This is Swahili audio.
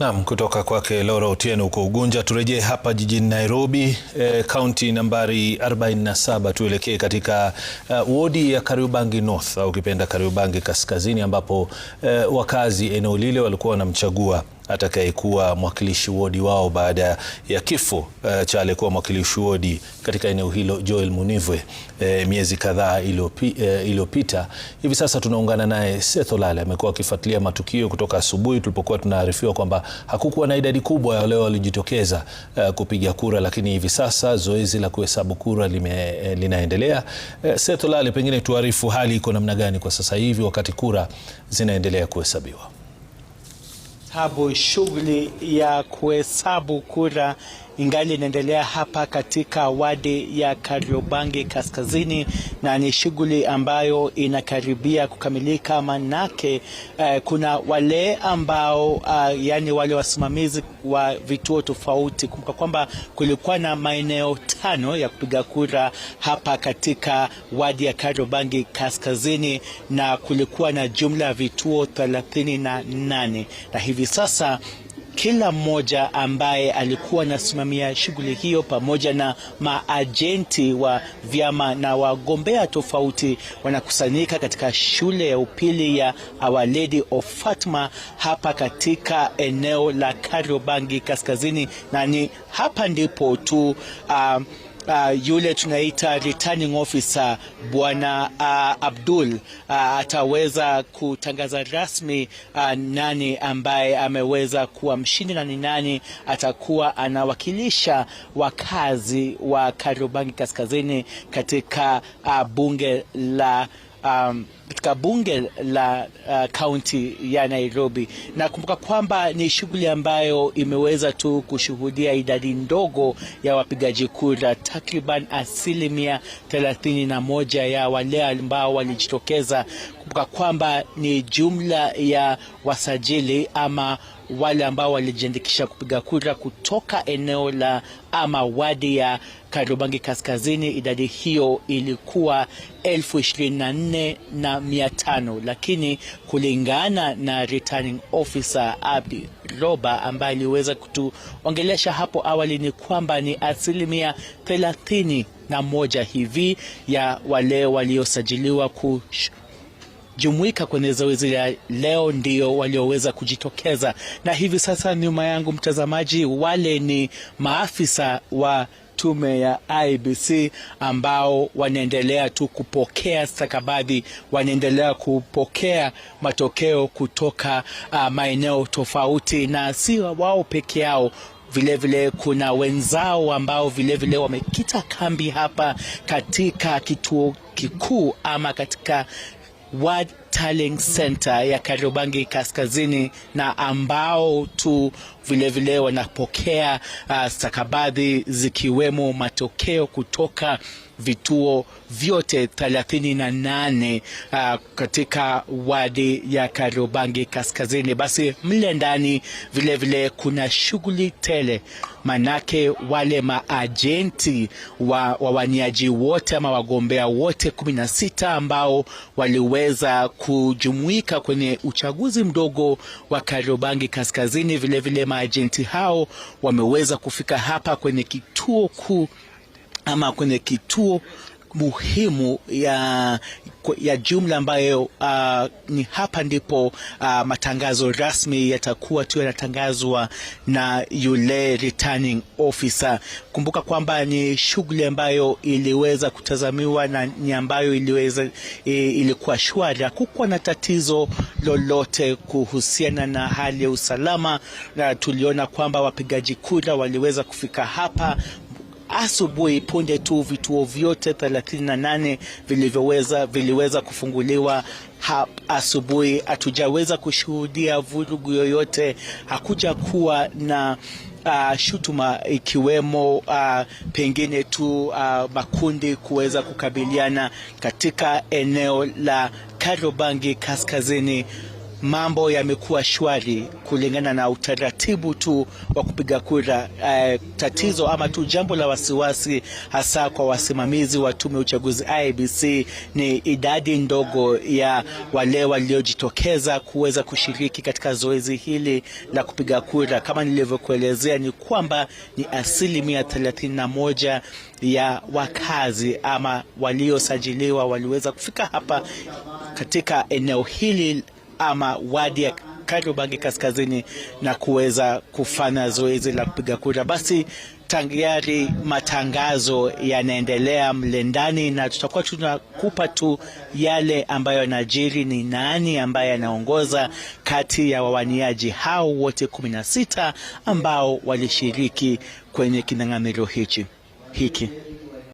Naam, kutoka kwake Laura Otieno huko Ugunja. Turejee hapa jijini Nairobi, eh, kaunti e, nambari 47. Tuelekee katika uh, wodi ya Kariubangi North au ukipenda Kariubangi Kaskazini, ambapo uh, wakazi eneo lile walikuwa wanamchagua atakayekuwa mwakilishi wodi wao baada ya kifo uh, cha aliyekuwa mwakilishi wodi katika eneo hilo Joel Munivwe eh, miezi kadhaa eh, iliyopita. Uh, hivi sasa tunaungana naye Seth Olale, amekuwa akifuatilia matukio kutoka asubuhi tulipokuwa tunaarifiwa kwamba hakukuwa na idadi kubwa ya wale walijitokeza uh, eh, kupiga kura, lakini hivi sasa zoezi la kuhesabu kura lime, eh, linaendelea. Eh, Seth Olale, pengine tuarifu hali iko namna gani kwa sasa hivi wakati kura zinaendelea kuhesabiwa? hesabu shughuli ya kuhesabu kura ingali inaendelea hapa katika wadi ya Kariobangi Kaskazini, na ni shughuli ambayo inakaribia kukamilika, manake eh, kuna wale ambao ah, yani wale wasimamizi wa vituo tofauti. Kumbuka kwamba kulikuwa na maeneo tano ya kupiga kura hapa katika wadi ya Kariobangi Kaskazini, na kulikuwa na jumla ya vituo 38 na hivi sasa kila mmoja ambaye alikuwa anasimamia shughuli hiyo pamoja na maajenti wa vyama na wagombea tofauti wanakusanyika katika shule ya upili ya Our Lady of Fatima hapa katika eneo la Kariobangi Kaskazini, na ni hapa ndipo tu uh, uh, yule tunaita returning officer bwana uh, Abdul uh, ataweza kutangaza rasmi uh, nani ambaye ameweza kuwa mshindi na ni nani atakuwa anawakilisha wakazi wa Kariobangi Kaskazini katika uh, bunge la um, katika bunge la uh, kaunti uh, ya Nairobi. Nakumbuka kwamba ni shughuli ambayo imeweza tu kushuhudia idadi ndogo ya wapigaji kura, takriban asilimia thelathini na moja ya wale ambao walijitokeza. Kumbuka kwamba ni jumla ya wasajili ama wale ambao walijiandikisha kupiga kura kutoka eneo la ama wadi ya karubangi Kaskazini, idadi hiyo ilikuwa elfu ishirini na nne na mia tano lakini kulingana na returning officer Abdi Roba ambaye aliweza kutuongelesha hapo awali ni kwamba ni asilimia thelathini na moja hivi ya wale waliosajiliwa kush jumuika kwenye zoezi la leo ndio walioweza kujitokeza, na hivi sasa nyuma yangu mtazamaji, wale ni maafisa wa tume ya IBC ambao wanaendelea tu kupokea stakabadhi, wanaendelea kupokea matokeo kutoka uh, maeneo tofauti, na si wao peke yao vilevile vile kuna wenzao ambao vilevile vile wamekita kambi hapa katika kituo kikuu ama katika World Tallying Center ya Kariobangi Kaskazini na ambao tu vilevile wanapokea uh, stakabadhi zikiwemo matokeo kutoka vituo vyote thelathini na nane uh, katika wadi ya Kariobangi Kaskazini. Basi mle ndani vilevile kuna shughuli tele, manake wale maajenti wa wawaniaji wote ama wagombea wote kumi na sita ambao waliweza kujumuika kwenye uchaguzi mdogo wa Kariobangi Kaskazini vilevile vile maajenti hao wameweza kufika hapa kwenye kituo kuu ama kwenye kituo muhimu ya, ya jumla ambayo uh, ni hapa ndipo uh, matangazo rasmi yatakuwa tu yanatangazwa na yule returning officer. Kumbuka kwamba ni shughuli ambayo iliweza kutazamiwa na ni ambayo iliweza ilikuwa shwari, hakukuwa na tatizo lolote kuhusiana na hali ya usalama, na tuliona kwamba wapigaji kura waliweza kufika hapa asubuhi punde tu vituo vyote 38 vilivyoweza viliweza kufunguliwa asubuhi. Hatujaweza kushuhudia vurugu yoyote, hakuja kuwa na Uh, shutuma ikiwemo uh, pengine tu uh, makundi kuweza kukabiliana katika eneo la Karobangi kaskazini mambo yamekuwa shwari kulingana na utaratibu tu wa kupiga kura. Eh, tatizo ama tu jambo la wasiwasi hasa kwa wasimamizi wa tume ya uchaguzi ibc e ni idadi ndogo ya wale waliojitokeza kuweza kushiriki katika zoezi hili la kupiga kura. Kama nilivyokuelezea ni kwamba ni asilimia 31 ya wakazi ama waliosajiliwa waliweza kufika hapa katika eneo hili ama wadi ya Kariobangi kaskazini na kuweza kufanya zoezi la kupiga kura. Basi tangiari matangazo yanaendelea mle ndani, na tutakuwa tunakupa tu yale ambayo yanajiri, ni nani ambaye anaongoza kati ya wawaniaji hao wote kumi na sita ambao walishiriki kwenye kinyang'anyiro hichi hiki.